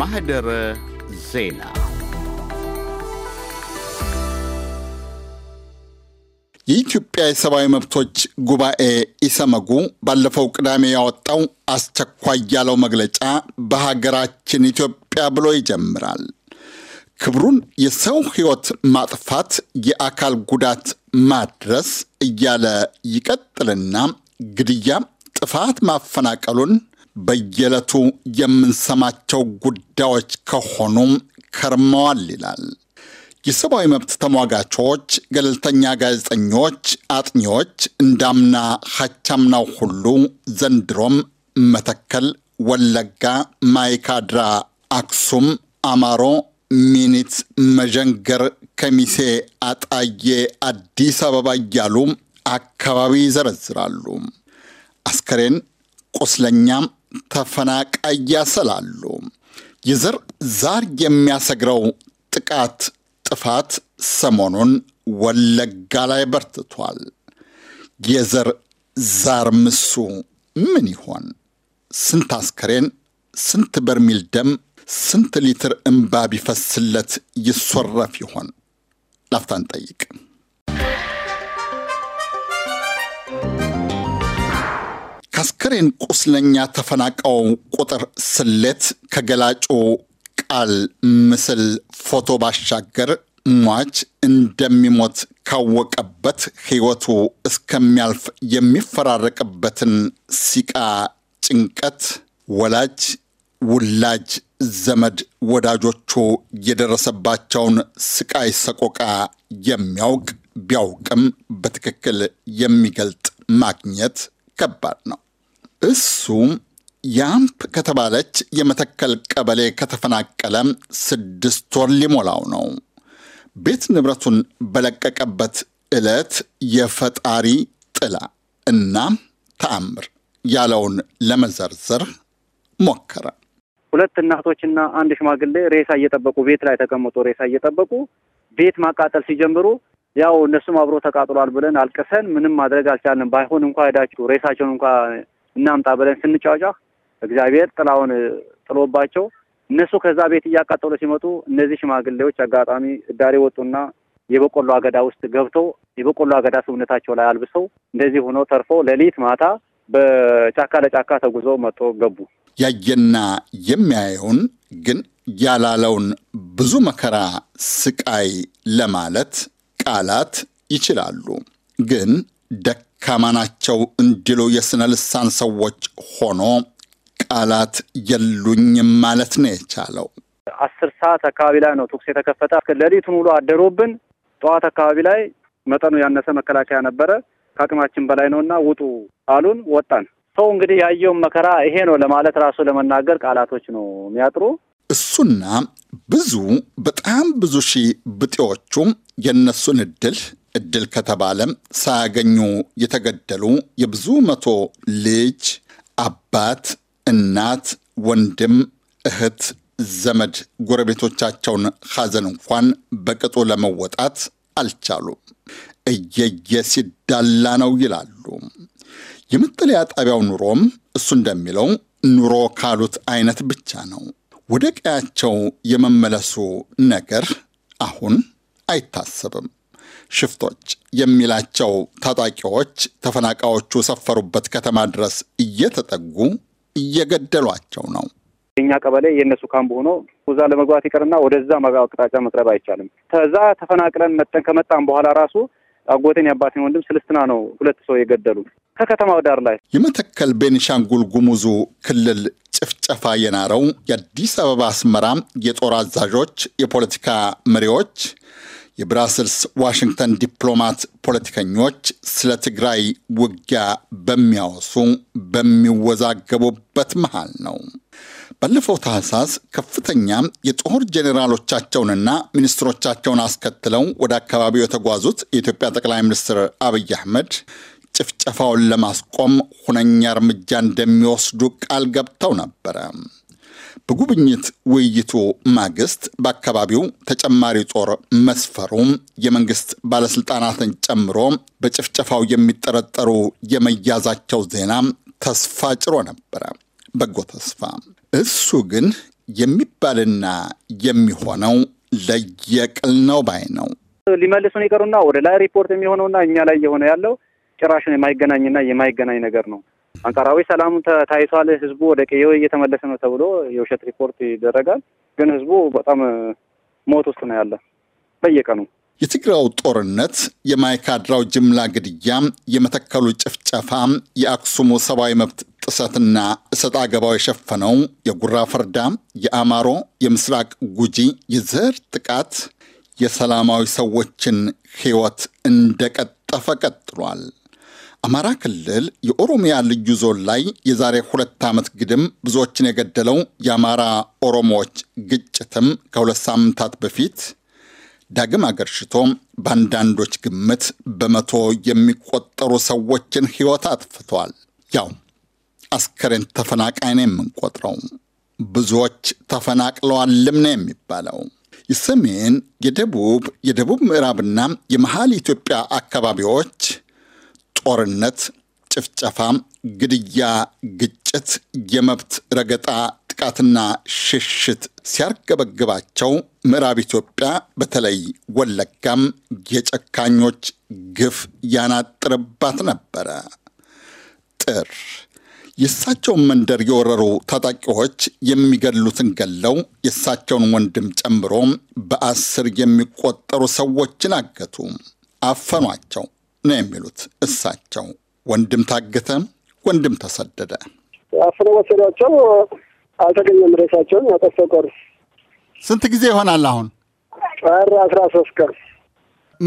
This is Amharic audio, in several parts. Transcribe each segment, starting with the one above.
ማህደር ዜና የኢትዮጵያ የሰብአዊ መብቶች ጉባኤ ኢሰመጉ ባለፈው ቅዳሜ ያወጣው አስቸኳይ ያለው መግለጫ በሀገራችን ኢትዮጵያ ብሎ ይጀምራል። ክብሩን የሰው ሕይወት ማጥፋት፣ የአካል ጉዳት ማድረስ እያለ ይቀጥልና ግድያ፣ ጥፋት፣ ማፈናቀሉን በየዕለቱ የምንሰማቸው ጉዳዮች ከሆኑም ከርመዋል ይላል። የሰብአዊ መብት ተሟጋቾች፣ ገለልተኛ ጋዜጠኞች፣ አጥኚዎች እንዳምና ሀቻምናው ሁሉ ዘንድሮም መተከል፣ ወለጋ፣ ማይካድራ፣ አክሱም፣ አማሮ፣ ሚኒት፣ መጀንገር፣ ከሚሴ፣ አጣዬ፣ አዲስ አበባ እያሉ አካባቢ ይዘረዝራሉ። አስከሬን፣ ቁስለኛም ተፈናቃይ ያሰላሉ። የዘር ዛር የሚያሰግረው ጥቃት፣ ጥፋት ሰሞኑን ወለጋ ላይ በርትቷል። የዘር ዛር ምሱ ምን ይሆን? ስንት አስከሬን፣ ስንት በርሜል ደም፣ ስንት ሊትር እንባ ቢፈስለት ይሶረፍ ይሆን? ላፍታን ጠይቅ። የአስክሬን ቁስለኛ ተፈናቃው ቁጥር ስሌት ከገላጩ ቃል ምስል ፎቶ ባሻገር ሟች እንደሚሞት ካወቀበት ሕይወቱ እስከሚያልፍ የሚፈራረቅበትን ሲቃ ጭንቀት ወላጅ ውላጅ ዘመድ ወዳጆቹ የደረሰባቸውን ስቃይ ሰቆቃ የሚያውቅ ቢያውቅም በትክክል የሚገልጥ ማግኘት ከባድ ነው። እሱም ያምፕ ከተባለች የመተከል ቀበሌ ከተፈናቀለ ስድስት ወር ሊሞላው ነው። ቤት ንብረቱን በለቀቀበት ዕለት የፈጣሪ ጥላ እና ተአምር ያለውን ለመዘርዘር ሞከረ። ሁለት እናቶችና አንድ ሽማግሌ ሬሳ እየጠበቁ ቤት ላይ ተቀምጦ ሬሳ እየጠበቁ ቤት ማቃጠል ሲጀምሩ ያው እነሱም አብሮ ተቃጥሏል ብለን አልቅሰን ምንም ማድረግ አልቻለን። ባይሆን እንኳ ሄዳችሁ ሬሳቸውን እንኳ እናምጣ ብለን ስንጫጫህ እግዚአብሔር ጥላውን ጥሎባቸው እነሱ ከዛ ቤት እያቃጠሉ ሲመጡ እነዚህ ሽማግሌዎች አጋጣሚ እዳሬ ወጡና የበቆሎ አገዳ ውስጥ ገብተው የበቆሎ አገዳ ሰውነታቸው ላይ አልብሰው እንደዚህ ሆኖ ተርፎ ሌሊት ማታ በጫካ ለጫካ ተጉዘው መጥቶ ገቡ። ያየና የሚያየውን ግን ያላለውን ብዙ መከራ ስቃይ ለማለት ቃላት ይችላሉ፣ ግን ደክ ደካማ ናቸው እንዲሉ የሥነ ልሳን ሰዎች ሆኖ ቃላት የሉኝም ማለት ነው የቻለው። አስር ሰዓት አካባቢ ላይ ነው ተኩስ የተከፈተ። ሌሊቱን ውሎ አደሮብን። ጠዋት አካባቢ ላይ መጠኑ ያነሰ መከላከያ ነበረ። ከአቅማችን በላይ ነው እና ውጡ አሉን። ወጣን። ሰው እንግዲህ ያየውን መከራ ይሄ ነው ለማለት ራሱ ለመናገር ቃላቶች ነው የሚያጥሩ። እሱና ብዙ በጣም ብዙ ሺህ ብጤዎቹ የእነሱን እድል እድል ከተባለም ሳያገኙ የተገደሉ የብዙ መቶ ልጅ አባት፣ እናት፣ ወንድም፣ እህት፣ ዘመድ ጎረቤቶቻቸውን ሐዘን እንኳን በቅጡ ለመወጣት አልቻሉም። እየየ ሲዳላ ነው ይላሉ። የመጠለያ ጣቢያው ኑሮም እሱ እንደሚለው ኑሮ ካሉት አይነት ብቻ ነው። ወደ ቀያቸው የመመለሱ ነገር አሁን አይታሰብም። ሽፍቶች የሚላቸው ታጣቂዎች ተፈናቃዮቹ ሰፈሩበት ከተማ ድረስ እየተጠጉ እየገደሏቸው ነው። የኛ ቀበሌ የእነሱ ካምፕ ሆኖ እዛ ለመግባት ይቀርና ወደዛ አቅጣጫ መቅረብ አይቻልም። ከዛ ተፈናቅለን መጠን ከመጣን በኋላ ራሱ አጎቴን ያባቴን ወንድም ስልስትና ነው ሁለት ሰው የገደሉ ከከተማው ዳር ላይ የመተከል ቤንሻንጉል ጉሙዙ ክልል ጭፍጨፋ የናረው የአዲስ አበባ አስመራ የጦር አዛዦች፣ የፖለቲካ መሪዎች፣ የብራስልስ ዋሽንግተን ዲፕሎማት ፖለቲከኞች ስለ ትግራይ ውጊያ በሚያወሱ በሚወዛገቡበት መሃል ነው። ባለፈው ታህሳስ ከፍተኛ የጦር ጄኔራሎቻቸውንና ሚኒስትሮቻቸውን አስከትለው ወደ አካባቢው የተጓዙት የኢትዮጵያ ጠቅላይ ሚኒስትር አብይ አህመድ ጭፍጨፋውን ለማስቆም ሁነኛ እርምጃ እንደሚወስዱ ቃል ገብተው ነበረ። በጉብኝት ውይይቱ ማግስት በአካባቢው ተጨማሪ ጦር መስፈሩ የመንግስት ባለስልጣናትን ጨምሮ በጭፍጨፋው የሚጠረጠሩ የመያዛቸው ዜና ተስፋ ጭሮ ነበረ። በጎ ተስፋ። እሱ ግን የሚባልና የሚሆነው ለየቅል ነው ባይ ነው። ሊመልሱን ይቀሩና ወደ ላይ ሪፖርት የሚሆነውና እኛ ላይ የሆነ ያለው ጭራሽን የማይገናኝና የማይገናኝ ነገር ነው። አንጻራዊ ሰላም ታይቷል፣ ህዝቡ ወደ ቀየው እየተመለሰ ነው ተብሎ የውሸት ሪፖርት ይደረጋል። ግን ህዝቡ በጣም ሞት ውስጥ ነው ያለ በየቀኑ የትግራው ጦርነት፣ የማይካድራው ጅምላ ግድያ፣ የመተከሉ ጭፍጨፋ፣ የአክሱሙ ሰብአዊ መብት ጥሰትና እሰጥ አገባው የሸፈነው የጉራ ፈርዳ፣ የአማሮ፣ የምስራቅ ጉጂ የዘር ጥቃት የሰላማዊ ሰዎችን ህይወት እንደቀጠፈ ቀጥሏል። አማራ ክልል የኦሮሚያ ልዩ ዞን ላይ የዛሬ ሁለት ዓመት ግድም ብዙዎችን የገደለው የአማራ ኦሮሞዎች ግጭትም ከሁለት ሳምንታት በፊት ዳግም አገርሽቶ በአንዳንዶች ግምት በመቶ የሚቆጠሩ ሰዎችን ሕይወት አጥፍቷል። ያው አስከሬን ተፈናቃይ ነው የምንቆጥረው። ብዙዎች ተፈናቅለዋልም ነው የሚባለው። የሰሜን፣ የደቡብ፣ የደቡብ ምዕራብና የመሃል ኢትዮጵያ አካባቢዎች ጦርነት፣ ጭፍጨፋ፣ ግድያ፣ ግጭት፣ የመብት ረገጣ፣ ጥቃትና ሽሽት ሲያርገበግባቸው ምዕራብ ኢትዮጵያ በተለይ ወለጋም የጨካኞች ግፍ ያናጥርባት ነበረ። ጥር የእሳቸውን መንደር የወረሩ ታጣቂዎች የሚገድሉትን ገለው የእሳቸውን ወንድም ጨምሮ በአስር የሚቆጠሩ ሰዎችን አገቱ፣ አፈኗቸው፣ ነው የሚሉት እሳቸው። ወንድም ታገተ፣ ወንድም ተሰደደ። አፍነ ወሰዷቸው፣ አልተገኘም። ሬሳቸውን ቆርስ ስንት ጊዜ ይሆናል አሁን? ጥር አስራ ሶስት ቀን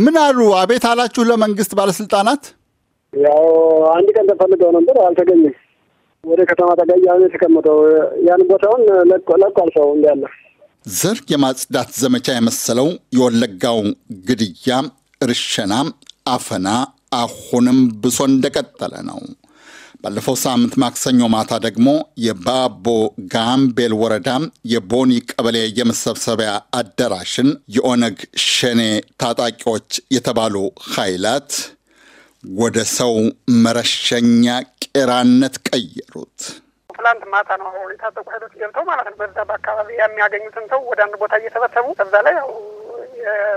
ምን አሉ? አቤት አላችሁ ለመንግስት ባለስልጣናት? ያው አንድ ቀን ተፈልገው ነበር፣ አልተገኘም። ወደ ከተማ ተገኝ የተቀመጠው ያን ቦታውን ለቋል። ሰው እንዳለ ዘር የማጽዳት ዘመቻ የመሰለው የወለጋው ግድያ፣ እርሸናም? አፈና አሁንም ብሶ እንደቀጠለ ነው። ባለፈው ሳምንት ማክሰኞ ማታ ደግሞ የባቦ ጋምቤል ወረዳም የቦኒ ቀበሌ የመሰብሰቢያ አዳራሽን የኦነግ ሸኔ ታጣቂዎች የተባሉ ኃይላት ወደ ሰው መረሸኛ ቄራነት ቀየሩት። ትላንት ማታ ነው የታጠቁ ኃይሎች ገብተው ማለት ነው በዛ በአካባቢ የሚያገኙትን ሰው ወደ አንድ ቦታ እየሰበሰቡ ከዛ ላይ ያው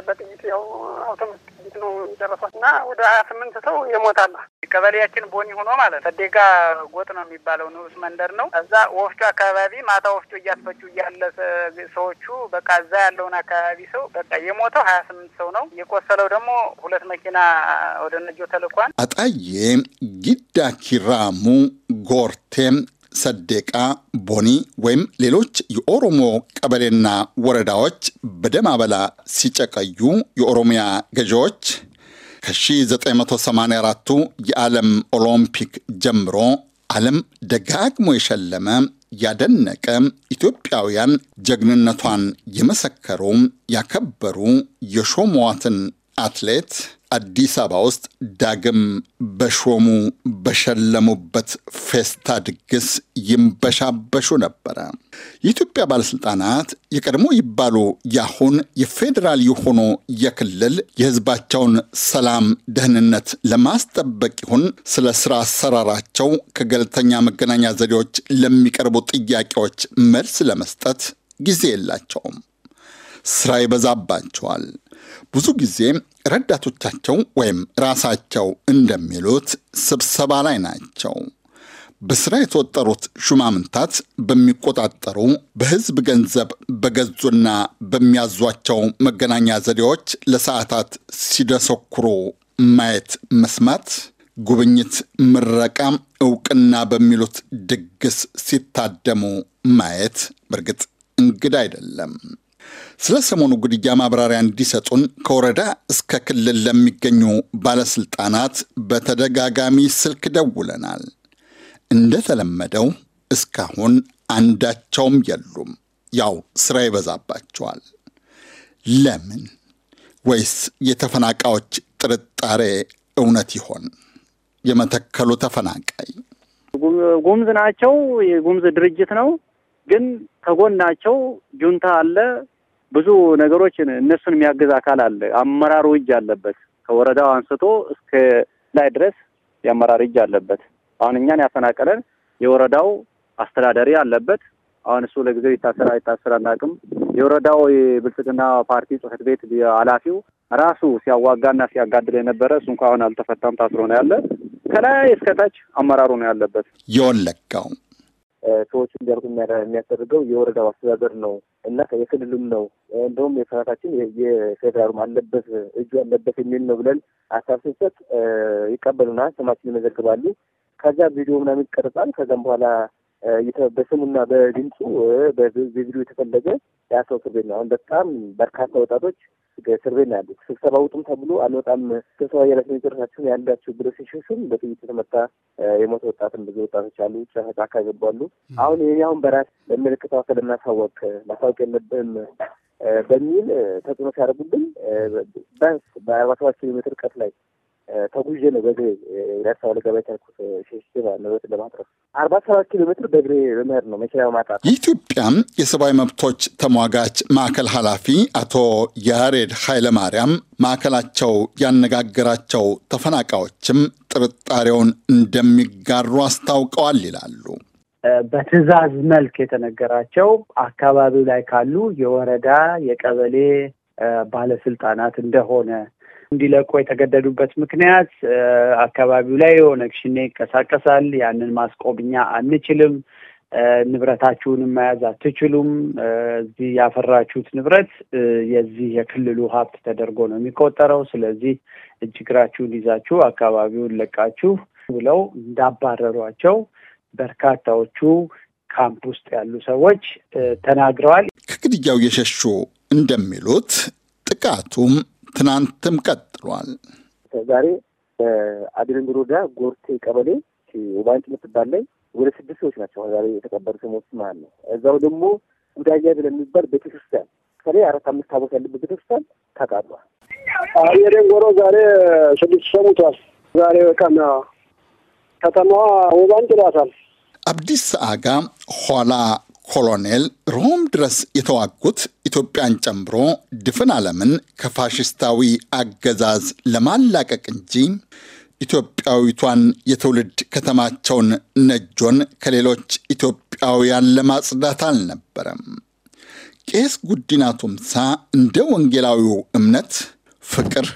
በጥይት ያው አውቶማቲክ ነው የደረሷት እና ወደ ሀያ ስምንት ሰው ይሞታሉ። ቀበሌያችን ቦኒ ሆኖ ማለት ሰዴጋ ጎጥ ነው የሚባለው ንዑስ መንደር ነው። እዛ ወፍጮ አካባቢ ማታ ወፍጮ እያስፈጩ እያለ ሰዎቹ በቃ እዛ ያለውን አካባቢ ሰው በቃ የሞተው ሀያ ስምንት ሰው ነው። የቆሰለው ደግሞ ሁለት መኪና ወደ ነጆ ተልኳል። አጣዬ ጊዳ ኪራሙ ጎርቴም ሰዴቃ፣ ቦኒ ወይም ሌሎች የኦሮሞ ቀበሌና ወረዳዎች በደም አበላ ሲጨቀዩ የኦሮሚያ ገዢዎች ከ1984ቱ የዓለም ኦሎምፒክ ጀምሮ ዓለም ደጋግሞ የሸለመ ያደነቀ ኢትዮጵያውያን ጀግንነቷን የመሰከሩ ያከበሩ የሾሟትን አትሌት አዲስ አበባ ውስጥ ዳግም በሾሙ በሸለሙበት ፌስታ ድግስ ይንበሻበሹ ነበረ። የኢትዮጵያ ባለሥልጣናት የቀድሞ ይባሉ ያሁን የፌዴራል የሆኑ የክልል የሕዝባቸውን ሰላም፣ ደህንነት ለማስጠበቅ ይሁን ስለ ስራ አሰራራቸው ከገለልተኛ መገናኛ ዘዴዎች ለሚቀርቡ ጥያቄዎች መልስ ለመስጠት ጊዜ የላቸውም። ስራ ይበዛባቸዋል። ብዙ ጊዜ ረዳቶቻቸው ወይም ራሳቸው እንደሚሉት ስብሰባ ላይ ናቸው። በስራ የተወጠሩት ሹማምንታት በሚቆጣጠሩ በህዝብ ገንዘብ በገዙና በሚያዟቸው መገናኛ ዘዴዎች ለሰዓታት ሲደሰኩሩ ማየት፣ መስማት፣ ጉብኝት፣ ምረቃ፣ እውቅና በሚሉት ድግስ ሲታደሙ ማየት በእርግጥ እንግዳ አይደለም። ስለ ሰሞኑ ግድያ ማብራሪያ እንዲሰጡን ከወረዳ እስከ ክልል ለሚገኙ ባለስልጣናት በተደጋጋሚ ስልክ ደውለናል። እንደተለመደው እስካሁን አንዳቸውም የሉም። ያው ስራ ይበዛባቸዋል። ለምን? ወይስ የተፈናቃዮች ጥርጣሬ እውነት ይሆን? የመተከሉ ተፈናቃይ ጉምዝ ናቸው፣ የጉምዝ ድርጅት ነው። ግን ከጎናቸው ጁንታ አለ፣ ብዙ ነገሮችን እነሱን የሚያግዝ አካል አለ። አመራሩ እጅ አለበት። ከወረዳው አንስቶ እስከ ላይ ድረስ የአመራር እጅ አለበት። አሁን እኛን ያፈናቀለን የወረዳው አስተዳዳሪ አለበት። አሁን እሱ ለጊዜው ይታሰራ ይታሰራ አናውቅም። የወረዳው የብልጽግና ፓርቲ ጽህፈት ቤት ኃላፊው ራሱ ሲያዋጋና ሲያጋድል የነበረ እሱ እንኳ አሁን አልተፈታም፣ ታስሮ ነው ያለ። ከላይ እስከታች አመራሩ ነው ያለበት የወለጋው ሰዎች እንዲያልቁ የሚያደርገው የወረዳው አስተዳደር ነው እና የክልሉም ነው እንደውም የሰራታችን የፌዴራሉም አለበት እጁ አለበት የሚል ነው ብለን አሳብ ስንሰጥ ይቀበሉና ስማችን ይመዘግባሉ። ከዛ ቪዲዮ ምናምን ይቀርጻል። ከዛም በኋላ በስሙና በድምፁ በቪዲዮ የተፈለገ የአሰው እስር ቤት ነው። አሁን በጣም በርካታ ወጣቶች ከእስር ቤት ነው ያሉት። ስብሰባ ውጡም ተብሎ አልወጣም ስብሰባ እያላችሁ የጨረሳችሁን ያላችሁ ብሎ ሲሽሹም በጥይት የተመታ የሞተ ወጣትም ብዙ ወጣቶች አሉ። ጫካ ገባሉ። አሁን አሁን በራስ በምልክት አዋከል ማሳወቅ ማሳወቅ የለብህም በሚል ተጽዕኖ ሲያደርጉብን ቢያንስ በአርባ ሰባት ኪሎ ሜትር ርቀት ላይ ተጉዤ ነው በእግሬ ረሳ ለገባ የቻልኩት ሸሽባ ንብረት ለማትረፍ አርባ ሰባት ኪሎ ሜትር በእግሬ ለመሄድ ነው መኪና በማጣት። የኢትዮጵያ የሰብአዊ መብቶች ተሟጋች ማዕከል ኃላፊ አቶ ያሬድ ኃይለማርያም ማዕከላቸው ያነጋገራቸው ተፈናቃዮችም ጥርጣሬውን እንደሚጋሩ አስታውቀዋል ይላሉ። በትዕዛዝ መልክ የተነገራቸው አካባቢው ላይ ካሉ የወረዳ የቀበሌ ባለስልጣናት እንደሆነ እንዲለቆ የተገደዱበት ምክንያት አካባቢው ላይ ኦነግ ሽኔ ይንቀሳቀሳል፣ ያንን ማስቆም እኛ አንችልም፣ ንብረታችሁንም መያዝ አትችሉም፣ እዚህ ያፈራችሁት ንብረት የዚህ የክልሉ ሀብት ተደርጎ ነው የሚቆጠረው፣ ስለዚህ እጅ እግራችሁን ይዛችሁ አካባቢውን ለቃችሁ ብለው እንዳባረሯቸው በርካታዎቹ ካምፕ ውስጥ ያሉ ሰዎች ተናግረዋል። ከግድያው የሸሹ እንደሚሉት ጥቃቱም ትናንትም ቀጥሏል። ዛሬ በአዲረንግ ወረዳ ጎርቴ ቀበሌ ውባንጭ የምትባል ላይ ወደ ስድስት ሰዎች ናቸው ዛሬ የተቀበሩ ሰሞች ማለት ነው። እዛው ደግሞ ጉዳያ ብለሚባል ቤተክርስቲያን ከላይ አራት አምስት ታቦት ያለበት ቤተክርስቲያን ተቃጥሏል። የደንጎሮ ዛሬ ስድስት ሰሙቷል። ዛሬ ቀን ከተማዋ ውባንጭ ላታል። አብዲስ አጋ ኋላ ኮሎኔል ሮም ድረስ የተዋጉት ኢትዮጵያን ጨምሮ ድፍን ዓለምን ከፋሽስታዊ አገዛዝ ለማላቀቅ እንጂ ኢትዮጵያዊቷን የትውልድ ከተማቸውን ነጆን ከሌሎች ኢትዮጵያውያን ለማጽዳት አልነበረም። ቄስ ጉዲና ቱምሳ እንደ ወንጌላዊው እምነት ፍቅር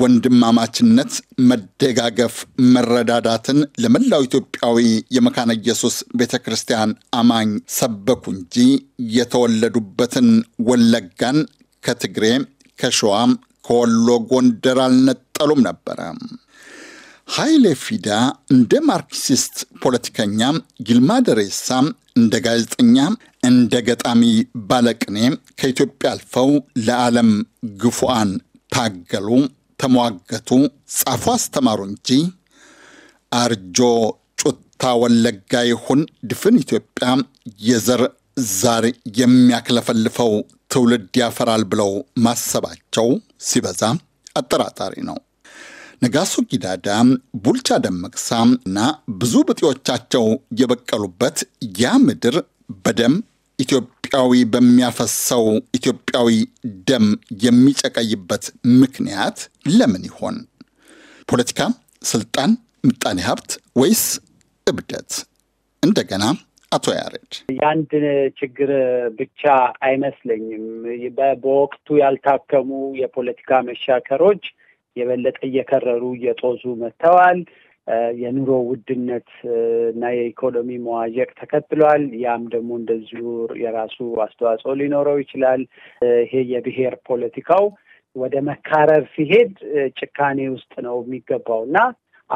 ወንድማማችነት፣ መደጋገፍ፣ መረዳዳትን ለመላው ኢትዮጵያዊ የመካነ ኢየሱስ ቤተ ክርስቲያን አማኝ ሰበኩ እንጂ የተወለዱበትን ወለጋን ከትግሬ፣ ከሸዋም፣ ከወሎ፣ ጎንደር አልነጠሉም ነበረ። ኃይሌ ፊዳ እንደ ማርክሲስት ፖለቲከኛ፣ ይልማ ደሬሳ እንደ ጋዜጠኛ፣ እንደ ገጣሚ ባለቅኔ ከኢትዮጵያ አልፈው ለዓለም ግፉአን ታገሉ። ተሟገቱ፣ ጻፉ፣ አስተማሩ እንጂ አርጆ ጩታ ወለጋ ይሁን ድፍን ኢትዮጵያ የዘር ዛር የሚያክለፈልፈው ትውልድ ያፈራል ብለው ማሰባቸው ሲበዛ አጠራጣሪ ነው። ነጋሶ ጊዳዳ፣ ቡልቻ ደመቅሳ እና ብዙ ብጤዎቻቸው የበቀሉበት ያ ምድር በደም ኢትዮጵያዊ በሚያፈሰው ኢትዮጵያዊ ደም የሚጨቀይበት ምክንያት ለምን ይሆን? ፖለቲካ፣ ስልጣን፣ ምጣኔ ሀብት ወይስ እብደት? እንደገና አቶ ያሬድ የአንድ ችግር ብቻ አይመስለኝም። በወቅቱ ያልታከሙ የፖለቲካ መሻከሮች የበለጠ እየከረሩ እየጦዙ መጥተዋል። የኑሮ ውድነት እና የኢኮኖሚ መዋዠቅ ተከትሏል። ያም ደግሞ እንደዚሁ የራሱ አስተዋጽኦ ሊኖረው ይችላል። ይሄ የብሔር ፖለቲካው ወደ መካረር ሲሄድ ጭካኔ ውስጥ ነው የሚገባው እና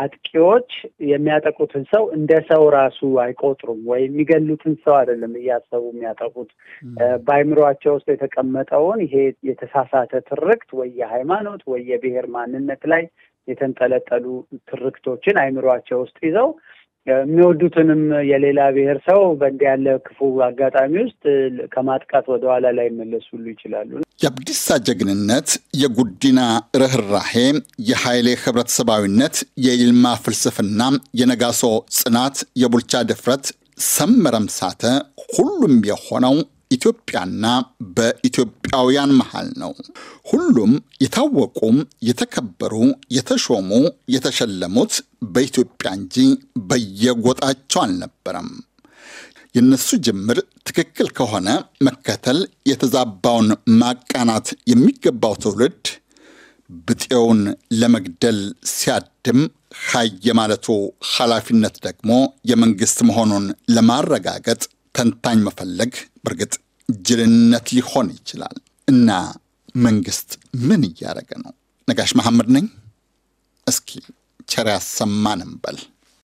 አጥቂዎች የሚያጠቁትን ሰው እንደ ሰው ራሱ አይቆጥሩም ወይ የሚገሉትን ሰው አይደለም እያሰቡ የሚያጠቁት በአይምሯቸው ውስጥ የተቀመጠውን ይሄ የተሳሳተ ትርክት ወይ የሃይማኖት ወይ የብሔር ማንነት ላይ የተንጠለጠሉ ትርክቶችን አይምሯቸው ውስጥ ይዘው የሚወዱትንም የሌላ ብሔር ሰው በእንዲህ ያለ ክፉ አጋጣሚ ውስጥ ከማጥቃት ወደኋላ ላይ መለሱ ሁሉ ይችላሉ። የአብዲሳ ጀግንነት፣ የጉዲና ርኅራሄ፣ የኃይሌ ህብረተሰባዊነት፣ የይልማ ፍልስፍና፣ የነጋሶ ጽናት፣ የቡልቻ ድፍረት፣ ሰመረምሳተ ሁሉም የሆነው በኢትዮጵያና በኢትዮጵያውያን መሃል ነው። ሁሉም የታወቁም የተከበሩ የተሾሙ የተሸለሙት በኢትዮጵያ እንጂ በየጎጣቸው አልነበረም። የእነሱ ጅምር ትክክል ከሆነ መከተል የተዛባውን ማቃናት የሚገባው ትውልድ ብጤውን ለመግደል ሲያድም ሀይ የማለቱ ኃላፊነት ደግሞ የመንግስት መሆኑን ለማረጋገጥ ተንታኝ መፈለግ በእርግጥ ጅልነት ሊሆን ይችላል። እና መንግስት ምን እያደረገ ነው? ነጋሽ መሐመድ ነኝ። እስኪ ቸር ያሰማንም በል።